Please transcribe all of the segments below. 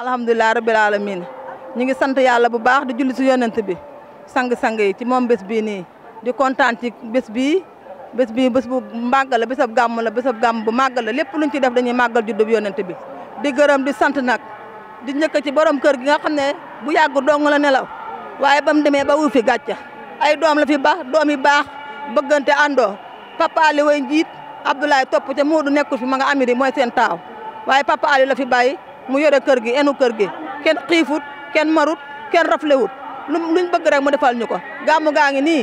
alhamdulilah rabbil alamin ñu ngi sant yàlla bu baax di julli si yonent bi sang-sang yi ci moom bés bii nii di kontaan ci bés bii bés bii bés bu màgg la bésab gàmm la bésab gàmm bu màgg la lépp luñ ci def dañuy màggal juddub yonent bi di gërëm di sant nag di njëkk ci borom kër gi nga xam ne bu yàgg dong la nelaw waaye ba mu demee ba wu fi gàcce ay doom la fi baax doom yi baax bëggante àndoo papa Ali way njiit Abdoulaye topp ca Moodu nekkul fi ma nga amiri mooy seen mu yore kër gi enu kër gi kenn xiifut kenn marut kenn raflewut luñ bëgg rek mu defal ñu ko gàmmu gaa ngi nii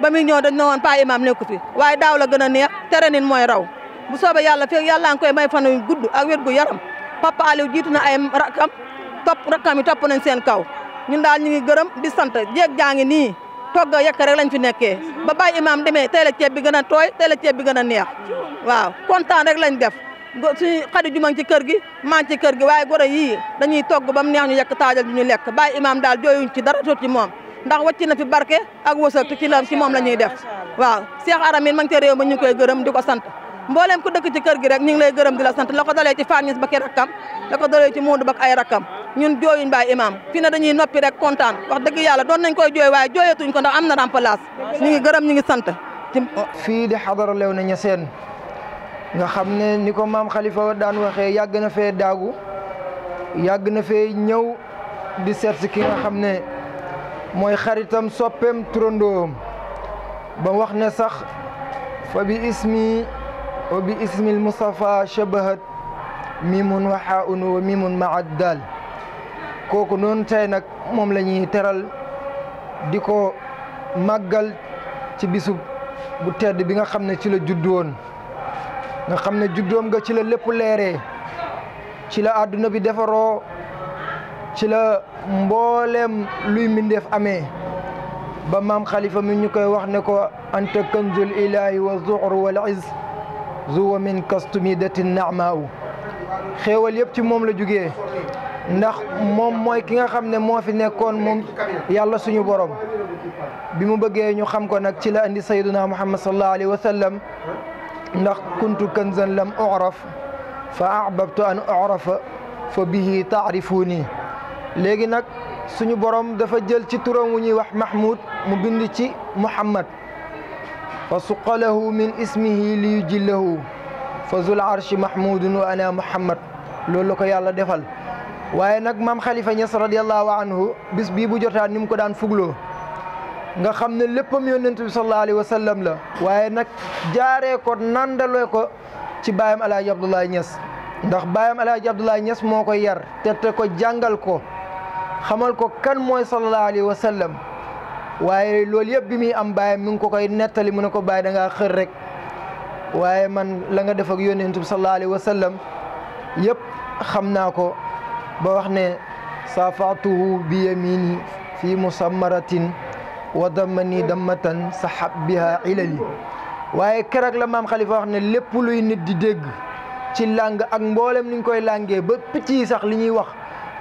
ba muy ñëw dañ ne woon pa imam nekku fi waaye daaw la gën a neex tere nin mooy raw bu soobee yàlla fekk yàlla ngi koy may fan yu gudd ak wér gu yaram papa Aliou jiitu na ay rakam topp rakam yi topp nañ seen kaw ñu daal ñu ngi gërëm di sant jéeg jaa ngi nii togg a yekk rek lañ fi nekkee ba bàyyi imaam demee tey la ceeb bi gën a tooy tey la ceeb bi gën a neex waaw kontaan rek def suñu xarit ju ma ngi ci kër gi maa ngi ci kër gi waaye goro yii dañuy togg ba mu neex ñu yekk taajal ñu lekk bàyyi imaam daal jooyuñ ci dara tuuti ci moom ndax wàcc na fi barke ak wësal ci la ci moom la ñuy def waaw Cheikh Aramine ma ngi ca réew ma ñu koy gërëm di ko sant mbooleem ku dëkk ci kër gi rek ñu ngi lay gërëm di la sant la ko dalee ci fannis ba ki rakkam la ko dalee ci muudu ba ay rakkam ñun jooyuñ bàyyi imaam fi na dañuy noppi rek kontaan wax dëgg yàlla doon nañ koy jooy waaye jooyatuñ ko ndax am na remplace ñu ngi gërëm ñu ngi sant fii di xadara Léona Niassène nga xam ne ni ko maam Khalifa daan waxee yàgg na fee daagu yàgg na fee ñëw di seet si nga xam ne mooy xaritam soppeem turandoom ba wax ne sax fa bi ismi wa ismil Mustafa shabahat mimun wa xaaun wa mimun maad daal kooku noonu tey nag moom lañuy teral di ko màggal ci bisub bu tedd bi nga xam ne ci la judd woon nga xam ne juddoom nga ci la lépp leere ci la àdduna bi defaroo ci la mboolem luy mbindeef amee ba maam xalifa mi ñu koy wax ne ko anta kanzul ilahi wa zuxr wal iz zuwa min nax naamaaw xéewal yépp ci moom la juge ndax moom mooy ki nga xam ne moo fi nekkoon moom yàlla suñu borom bi mu bëggee ñu xam ko nag ci la andi sayyiduna muhammad sallallahu alayhi wa sallam ndax kuntu kanzan lam uraf fa ahbabtu an urafa fa bihi taarifuuni léegi nag suñu borom dafa jël ci turam wu ñuy wax mahmoud mu bind ci muhammad fa suqalahu min ismihi li yujillahu fa zul arshi mahmudun wa ana muhammad loolu la ko yàlla defal waaye nag maam xalifa ñas radiallahu anhu bis bii bu jotaan ni mu ko daan fugloo nga xam ne léppam yonent bi sallallahu alayhi wa sallam la waaye nag jaaree ko nandalee ko ci baayam alaaji Abdoulaye Niass ndax baayam alaaji Abdoulaye Niass moo ko yar te ko jàngal ko xamal ko kan mooy sallallahu alayhi wa sallam waaye loolu yëpp bi muy am baayam mi ngi ko koy nettali mu ne ko bàyyi da ngaa rek waaye man la nga def ak yonent bi sallallahu wa sallam yëpp xam naa ko ba wax ne saafatuhu bi yamini fi musammaratin wa damani dammatan sa xab biha ilali waaye keroog la maam Khalifa wax ne lépp luy nit di dégg ci làng ak mboolem ni koy làngee ba picc yi sax li ñuy wax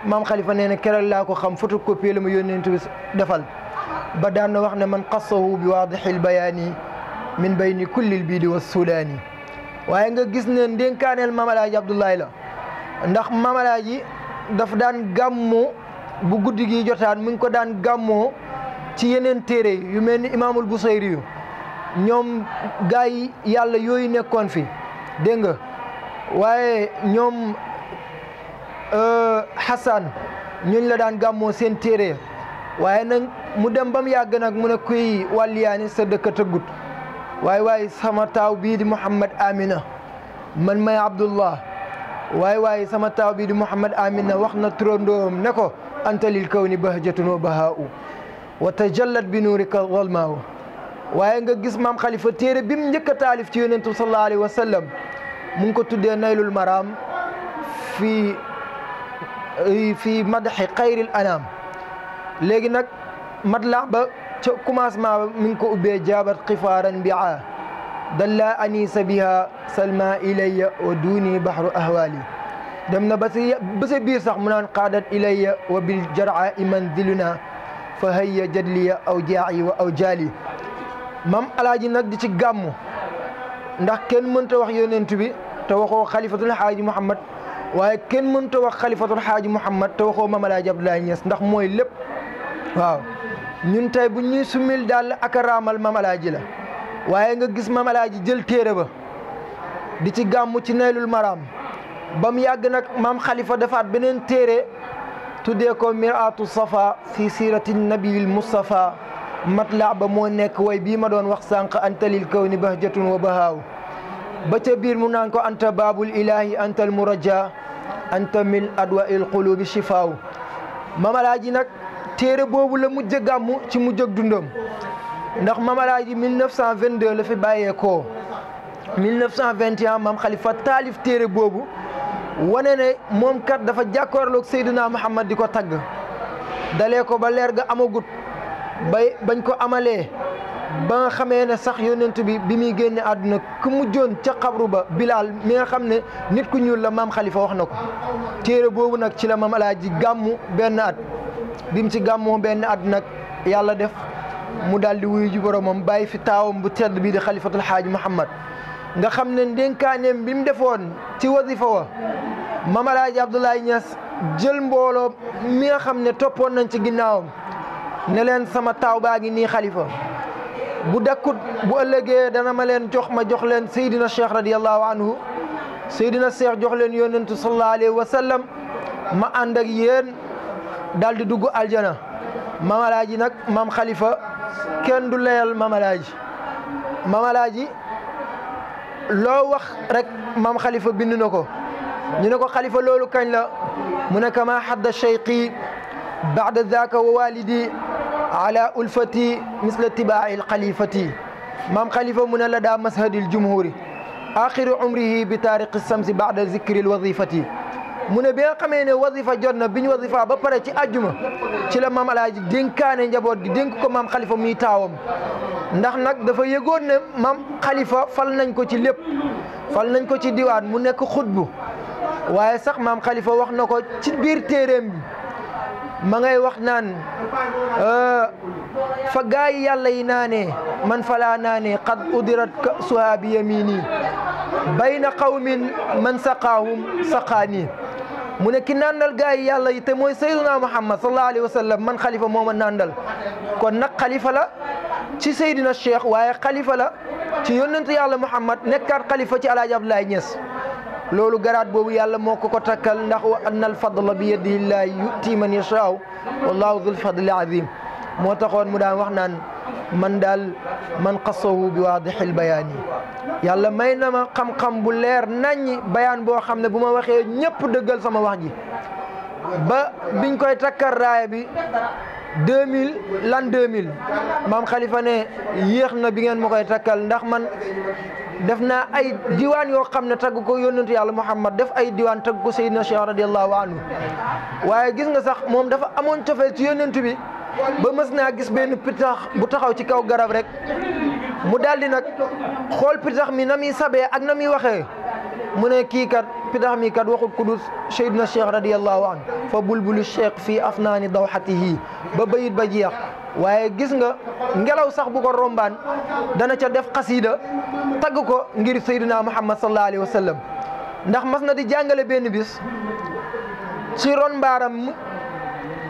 maam Khalifa nee na keroog laa ko xam photocopie la ma yónnent bi defal ba daan na wax ne man qassahu bi waadixil bayaani min bayni kullil biidi wa sudaani waaye nga gis ne ndénkaaneel maam Alaaji Abdoulaye la ndax maam Alaaji daan gàmmoo bu guddi gi jotaan mu ngi ko daan gàmmoo ci yeneen téere yu mel ni imaamul Busayri ñoom gaa yi yàlla yooyu nekkoon fi dégg nga waaye ñoom euh, Hassan ñooñ la daan gàmmoo seen téere waaye nag mu dem ba mu yàgg nag mu ne kuy wàlliyaani sa dëkk waaye waaye sama taaw bii di Mouhamed Amina man may Abdullah waaye waaye sama taaw bii di Mouhamed Amina wax na turandoom ne ko antalil kaw ni bahjatun wa bahaa'u wa tajallat bi nuurika walmaaw waaye nga gis maam xalifa téere bi mu njëkk a taalif ci yonentu sallallahu alayhi wa sallam mu ngi ko tuddee naylul maraam fii fii madaxi xayril anaam léegi nag matlax ba ca commencement ba mi ngi ko ubbee jaabat xifaaran bia dalla anisa biha salma ilayya wa duuni bahru ahwali dem na ba si ba sa biir sax mu naan qaadat ilayya wa bil jaraa iman diluna fa hayya jadliya aw jaayi wa aw jaali mam alaaji nag di ci gàmmu ndax kenn mënta wax yonent bi te waxoo xalifatul xaaji muhammad waaye kenn mënta wax xalifatul xaaji muhammad te waxoo mam alaaji abdoulaye ñes ndax mooy lépp waaw ñun tey bu ñuy sumil daal ak mam alaaji la waaye nga gis mam alaaji jël téere ba di ci gàmmu ci naylul maraam ba yàgg nag maam xalifa defaat beneen téere dee ko miraatu safa fi siirati nabiyil mustafa matlaa ba moo nekk way bii ma doon wax sànq antalil kaw ni bahjatun wa bahaaw ba ca biir mu naan ko anta baabul ilaahi anta al murajja anta min adwa il qulubi shifaaw mamalaaji nag téere boobu la mu gàmmu ci mujj ak dundam ndax mamalaaji 1922 la fi bàyyeekoo 1921 maam xalifa taalif téere boobu wane ne moom kat dafa jàkkoorloog Seydina Muhammad di ko tagg dale ko ba leer ga amagut bay bañ ko amalee ba nga xamee ne sax yonent bi bi muy génne àdduna ku mujjoon ca xabru ba Bilal mi nga xam ne nit ku ñuul la mam xalifa wax na ko téere boobu nag ci la maam Alaaji gàmmu benn at bi mu ci gàmmoo benn at yàlla def mu daal di wuyu ji boromam bàyyi fi taawam bu tedd bii di xalifatul xaaji Muhammad nga xam ne ndénkaaneem bi mu defoon ci wasifa wa Mame El Hadji jël mbooloo mi nga xam ne toppoon nañ ci ginnaawam ne leen sama taaw baa ngi nii xalifa bu dakkut bu ëllëgee dana ma leen jox ma jox leen Seydina Cheikh radiyallahu anhu Seydina Cheikh jox leen yonentu sallallahu alayhi wa ma ànd ak yéen daal dugg aljana Mame El Hadji nag maam xalifa kenn du layal Mame El loo wax rek maam xalifa bind na ko ñu ne ko xalifa loolu kañ la mu ne kama xadda cheyqi baada daaka wa walidi ala ulfati misla tibaail xalifati maam xalifa mu ne la daa mashadil jumhuri axiru umrihi bi taariqi samsi baada zikri lwadifati mu ne bi nga xamee ne wasifa jot na bi ñu wasifa ba pare ci àjjuma ci la maam alaaji dénkaane njaboot gi dénk ko maam xalifa muy taawam ndax nag dafa yëgoon ne maam xalifa fal nañ ko ci lépp fal nañ ko ci diwaan mu nekk xutbu waaye sax maam xalifa wax na ko ci biir téeréem bi ma ngay wax naan fa gaay yàlla yi naanee man falaa naanee qad udirat kasuha bi yamini bayna qawmin man saqaahum saqaani mu ne ki nàndal gaa yi yàlla yi te mooy sayduna muhammad sallallahu alayhi wa sallam man xalifa mooma nàndal kon nag xalifa la ci saydina cheikh waaye xalifa la ci yónnentu yàlla muhammad nekkaat xalifa ci alaaji abdoulaye ñes loolu garaat boobu yàlla moo ko ko takkal ndax wa anna alfadla bi yadillahi yuti man yashaaw wallahu dul fadli azim moo taxoon mu daan wax naan man daal man xasawu bi waadixil bayaan yi yàlla may na ma xam-xam bu leer naññi bayaan boo xam ne bu ma waxee ñëpp dëggal sama wax ji ba biñ koy takkar raaya bi 2000 l'an 2000 maam Khalifa yéex na bi ngeen ma koy takkal ndax man def naa ay diwaan yoo xam ne tagg ko yónnentu yàlla Muhammad def ay diwaan tagg ko Seydina Cheikh radiyallahu anhu waaye gis nga sax moom dafa amoon cofeel ci yónnentu bi ba mës naa gis benn pitax bu taxaw ci kaw garab rek mu daldi nag xool pitax mi na mi sabe ak na muy waxee mu ne kii kat pitax mi kat waxut kudus Seydina Cheikh radiyallahu an fa bulbulu Cheikh fii afnaani dawxatihi ba bayit ba jeex waaye gis nga ngelaw sax bu ko rombaan dana ca def xasiida tagg ko ngir Seydina Muhammad sallallahu alayhi wa sallam ndax mas na di jàngale benn bis ci ron mbaaram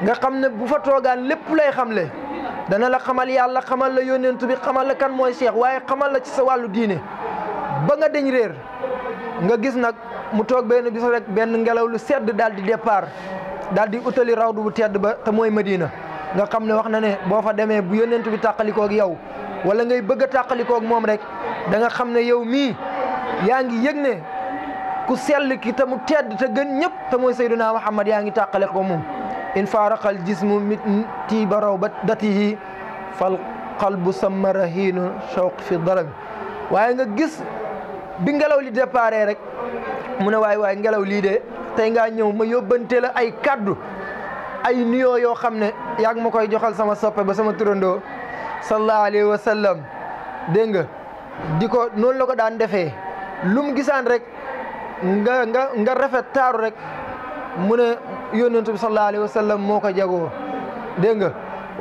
nga xam ne bu fa toogaan lépp lay xam le dana la xamal yàlla xamal la yónent bi xamal la kan mooy seex waaye xamal la ci sa wàllu diine ba nga deñ réer nga gis nag mu toog benn bis rek benn ngelaw lu sedd daal di départ daal di utali rawdu bu tedd ba te mooy Medina nga xam ne wax na ne boo fa demee bu yónent bi tàqalikoog yow wala ngay bëgg a moom rek da nga xam ne yow mii yaa ngi yëg ne ku sell ki te mu tedd te gën ñëpp te mooy Seydunaa Muhammad yaa ngi tàqale ko moom in faaraqal jismu mit tiiba rawbatihi fal qalbu sama rahiinu shawq fi darami waaye nga gis bi ngelaw li déparé rek mu ne waay waaye ngelaw lii de tey ngaa ñëw ma yóbbante la ay kaddu ay nuyoo yoo xam ne yaa ma koy joxal sama soppe ba sama turandoo sallallahu alayhi wa sallam nga di ko noonu la ko daan defee lum gisaan rek nga nga nga taaru rek mu ne yónnent bi sallallahu alayhi wa sallam moo ko jagoo dégg nga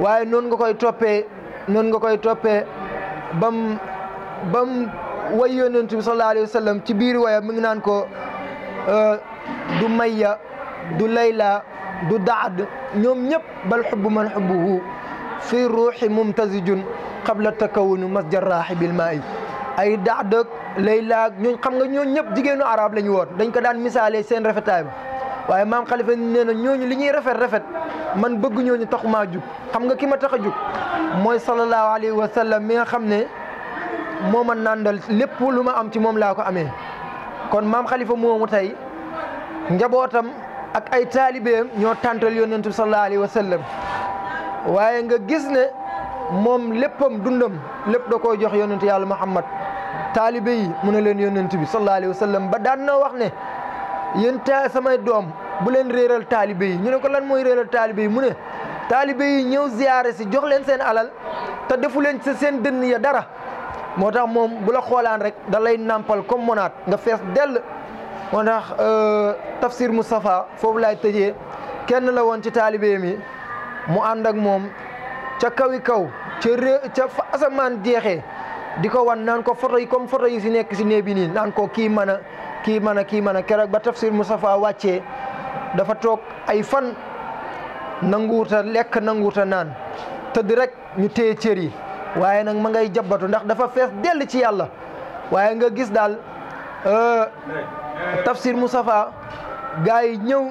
waaye noonu nga koy toppee noonu nga koy toppee bam bam way yónnent bi sallallahu alayhi wa sallam ci biir waya mi ngi naan ko euh, du mayya du layla du daad ñoom ñëpp bal xubbu man xubbuhu fi ruuxi mumtazijun qabla takawunu masjar raaxi bil maayi ay daad ak layla ñooñ xam nga ñooñ ñëpp jigéenu araab la ñu woon dañ ko daan misaalee seen rafetaay waaye maam Khalifa nee na ñooñu li ñuy rafet rafet man bëgg ñooñu taxu maa jug xam nga ki ma tax a jug mooy sallallahu alayhi wa sallam mi nga xam ne moo ma nàndal lépp lu ma am ci moom laa ko amee. kon maam Khalifa moomu tay njabootam ak ay taalibeem ñoo tàntal yonentu sallallahu alayhi wa waaye nga gis ne moom léppam dundam lépp da koy jox yonentu yàlla Muhammad taalibe yi mu ne leen yonent bi sallallahu alayhi wa ba daan na wax ne. yéen taa samay doom bu leen réeral taalibe yi ñu ne ko lan mooy réeral taalibe yi mu ne taalibe yi ñëw ziyaare si jox leen seen alal te defu leen si seen dënn ya dara moo tax moom bu la xoolaan rek da lay nàmpal comme monaat nga fees dell moo tax euh, tafsir Moustapha foofu laay tëje kenn la woon ci taalibe yi mu ànd ak moom ca kawi kaw ca ré ca asamaan jeexee di ko wan naan ko photo yi comme foto yi si nekk si néeg bi nii naan ko kii mën a kii mën a kii mën a keroog ba tafsir Moustapha wàcce dafa toog ay fan nanguuta lekk nanguuta naan tëdd rek ñu téye cër yi waaye nag ma ngay jabbatu ndax dafa fees dell ci yàlla waaye nga gis daal euh, tafsir Moustapha gaa yi ñëw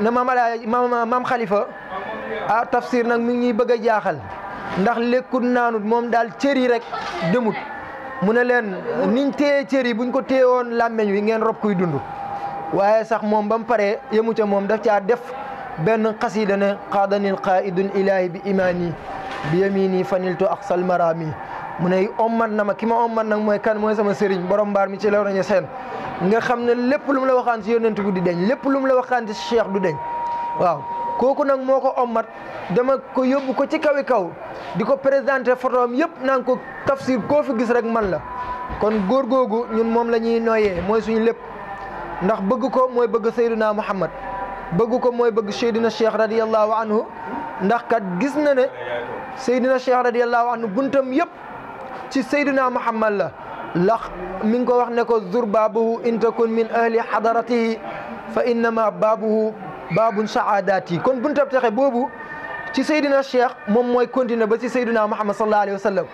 ne maam alaay maam Khalifa ah tafsir nag mi ngi bëgg a jaaxal ndax lekkut naanut moom daal cër yi rek demut mu ne leen niñ téye cër bu buñ ko téye woon làmmeñ wi ngeen rob kuy dund waaye sax moom ba pare paree yëmu ca moom daf caa def benn xasida ne xaadanil qaidun ilaahi bi imaani bi yamini faniltu aqsal marami mu ne man na ma ki ma man nag mooy kan mooy sama sëriñ borom mbaar mi ci la roñe seen nga xam ne lépp lum la waxaan si yonent bi deñ lépp lu la waxaan si cheikh du deñ waaw kooku nag moo ko ommat dama ko yóbbu ko ci kawi kaw di ko présenté photo am yëpp naan ko tafsir koo fi gis rek man la kon góor googu ñun moom la ñuy noyee mooy suñ lépp ndax bëgg ko mooy bëgg Seydina Muhammad bëgg ko mooy bëgg Seydina Cheikh radiyallahu anhu ndax kat gis na ne Seydina Cheikh radiyallahu anhu buntam yëpp ci Seydina Muhammad la lax mi ngi ko wax ne ko zur baabuhu in takun min ahli hadaratihi fa innama baabuhu baabun saadaat yi kon buntab texe boobu ci Seydina Cheikh moom mooy continuer ba ci Seydina Muhammad sallallahu alayhi wa sallam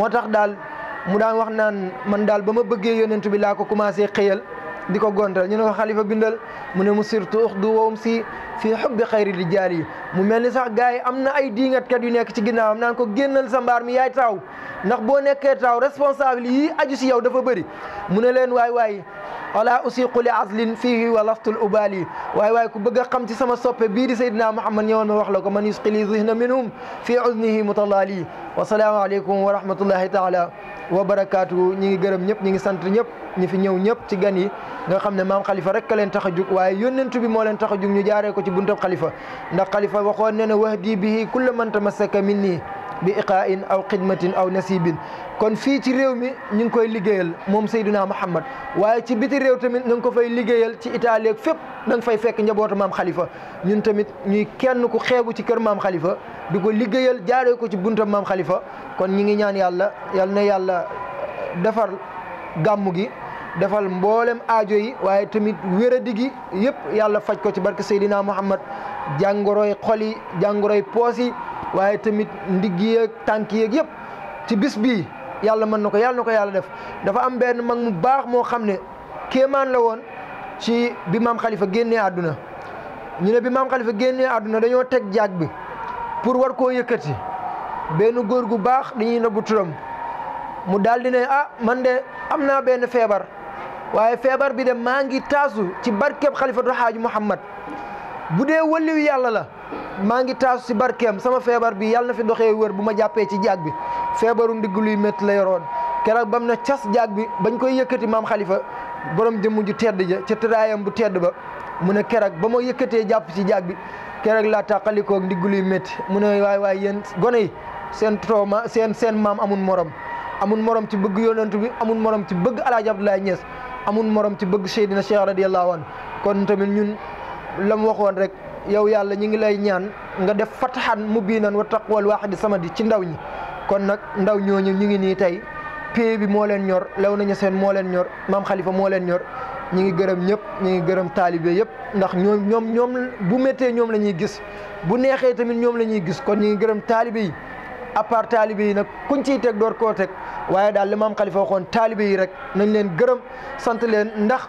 moo tax daal mu daan wax naan man daal ba ma bëggee yonent bi laa ko commencé xëyal di ko gontal ñu ne ko xalifa bindal mu ne mu surtout du wowum si fii xubbi xayri rijaal yi mu mel ni sax gars yi am na ay diingatkat yu nekk ci am naan ko génnal sa mbaar mi yaay taaw ndax boo nekkee taaw responsable yi aju si yow dafa bëri mu ne leen waay waay wala usiqu li azlin fihi wa laftul ubali waaye waaye ku bëgg a xam ci sama soppe bii di saydina muhammad ñëwoon ma wax la ko man yusqili zihna minhum fi uznihi mutalali wasalaamu aleykum wa rahmatullahi taala wa barakaatuhu ñi ngi gërëm ñëpp ñi ngi sant ñëpp ñi fi ñëw ñëpp ci gan yi nga xam ne maam xalifa rek ka leen tax a jug waaye yónnentu bi moo leen tax a jug ñu jaaree ko ci buntab xalifa ndax xalifa waxoon ne ne wahdi bihi kulla man tamassaka minni bi iqaain aw xidmatin aw nasibin kon fii ci réew mi ñu ngi koy liggéeyal moom Seydina Muhammad waaye ci biti réew tamit ñu ngi ko fay liggéeyal ci Italie ak fépp da nga fay fekk njabootu maam Khalifa ñun tamit ñuy kenn ku xeebu ci kër maam Khalifa di ko liggéeyal jaare ko ci buntam maam Khalifa kon ñu ngi ñaan yàlla yal na yàlla defar gàmmu gi defal mboolem aajo yi waaye tamit wéradi gi yëpp yàlla faj ko ci barke Seydina Muhammad jàngoroy xol yi jàngoroy yi waaye tamit ndigg yeeg tànk yeeg yëpp ci bis bii yàlla mën na ko yàlla na ko yàlla def dafa am benn mag mu baax moo xam ne kéemaan la woon ci bi maam xalifa génnee àdduna ñu ne bi maam xalifa génnee àdduna dañoo teg jaag bi pour war koo yëkkati benn góor gu baax dañuy nëbbu turam mu daldi di ne ah man de am naa benn feebar waaye feebar bi de maa ngi taasu ci barkeb xalifatu xaaju muhammad bu dee wëlliw yàlla la maa ngi taasu ci barkeem sama feebar bi yàlla na fi doxee wér bu ma jàppee ci jaag bi feebaru ndigg luy métti la yoroon keroog bam na cas jaag bi bañ koy yëkkati maam xalifa borom jëmm ju tedd ja ca tëraayam bu tedd ba mu ne keroog ba ma yëkkatee jàpp ci jaag bi keroog laa tàqalikoog ndigg luy métti mu ne waay waay yéen gone yi seen tooma seen seen maam amul morom amul moroom ci bëgg yonent bi amul morom ci bëgg alaaji Abdoulaye Niass amul morom ci bëgg Seydina Cheikh radiyallahu anhu kon tamit ñun la waxoon rek yow yàlla ñi ngi lay ñaan nga def fatahan mubinan wa taqwal sama di ci ndaw ñi kon nag ndaw ñooñu ñu ngi nii tey pay bi moo leen ñor lew nañu seen moo leen ñor maam xalifa moo leen ñor ñi ngi gërëm ñëpp ñi ngi gërëm taalibe yëpp ndax ñoom ñoom ñoom bu méttee ñoom la ñuy gis bu neexee tamit ñoom la ñuy gis kon ñi ngi gërëm taalibe yi à part taalibe yi nag kuñ ciy teg door koo teg waaye daal li maam xalifa waxoon taalibe yi rek nañ leen gërëm sant leen ndax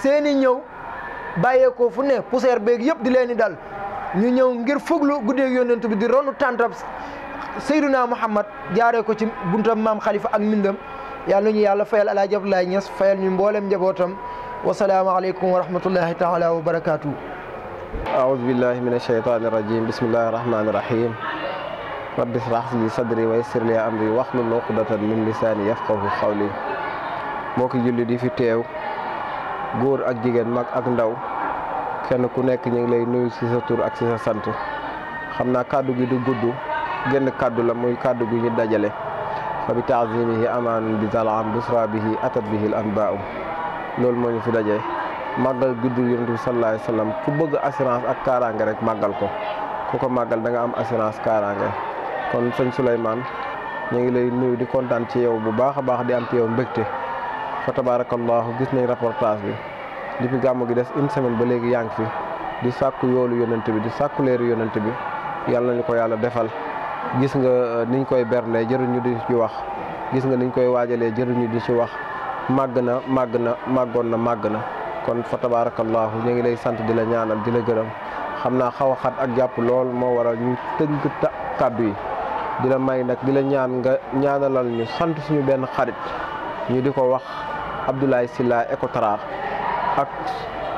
seeni ñëw bàyyeekoo fu ne poussière beeg yëpp di leen di dal ñu ñëw ngir fuglu guddeeg yonent bi di ronu tàntab Seyduna Muhammad jaaree ko ci buntam maam Khalifa ak Mbindam yàlla ñu yàlla fayal El Hadj Abdoulaye Niass ñu mboolem njabootam wasalaamaaleykum wa rahmatullahi taala wa barakaatu. aouzu billahi min ashaytaani rajim bismillahi rahmaani rahim rabbi israh li sadri wa yassir li amri wahlul uqdatan min lisaani yafqahu qawli mbokki julli di fi teew. góor ak jigéen mag ak ndaw kenn ku nekk ñu ngi lay nuyu ci sa tur ak ci sa sant xam naa kàddu gi di gudd genn kàddu la muy kàddu gi ñu dajale fa bi taazimihi amaanun bi zalaam busra bi atat bihi l anbaau loolu moo ñu fi daje màggal guddul yonent bi sallallahu alayhi wa ku bëgg assurance ak kaaraange rek màggal ko ku ko màggal da nga am assurance kaaraange kon sëñ Souleymane ñu ngi lay nuyu di kontaan ci yow bu baax a baax di am ci yow mbégte fa tabaarakallaahu gis nañ reportage bi depuis gàmmu gi des une semaine ba léegi yaa ngi fi di sàkku yoolu yonent bi di sàkkuleeru leeru yonent bi yàlla nañu ko yàlla defal gis nga euh, niñ koy berlee jëruñu di ci wax gis nga niñ koy waajalee jëruñu di ci wax màgg na màgg na màggoon na màgg na kon fa tabaarakallaahu ñu ngi lay sant di la ñaanal di la gërëm xam naa xaw a xat ak jàpp lool moo waral ñu tënk kàddu yi di la may nag di la ñaan nga ñaanalal ñu sant suñu benn xarit Abdoulaye Sylla Ecotra ak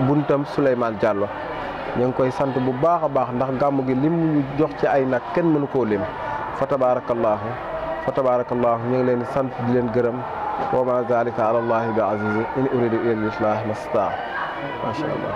buntam Souleymane Diallo ñu ngi koy sant bu baax a baax ndax gàmmu gi lim ñu jox ci ay nag kenn mënu koo lim fa tabaarakallaahu fa tabaarakallaahu ñu ngi leen sant di leen gërëm wa ma zalika ala allahi bi aziz in uridu illa al islah masta ma sha allah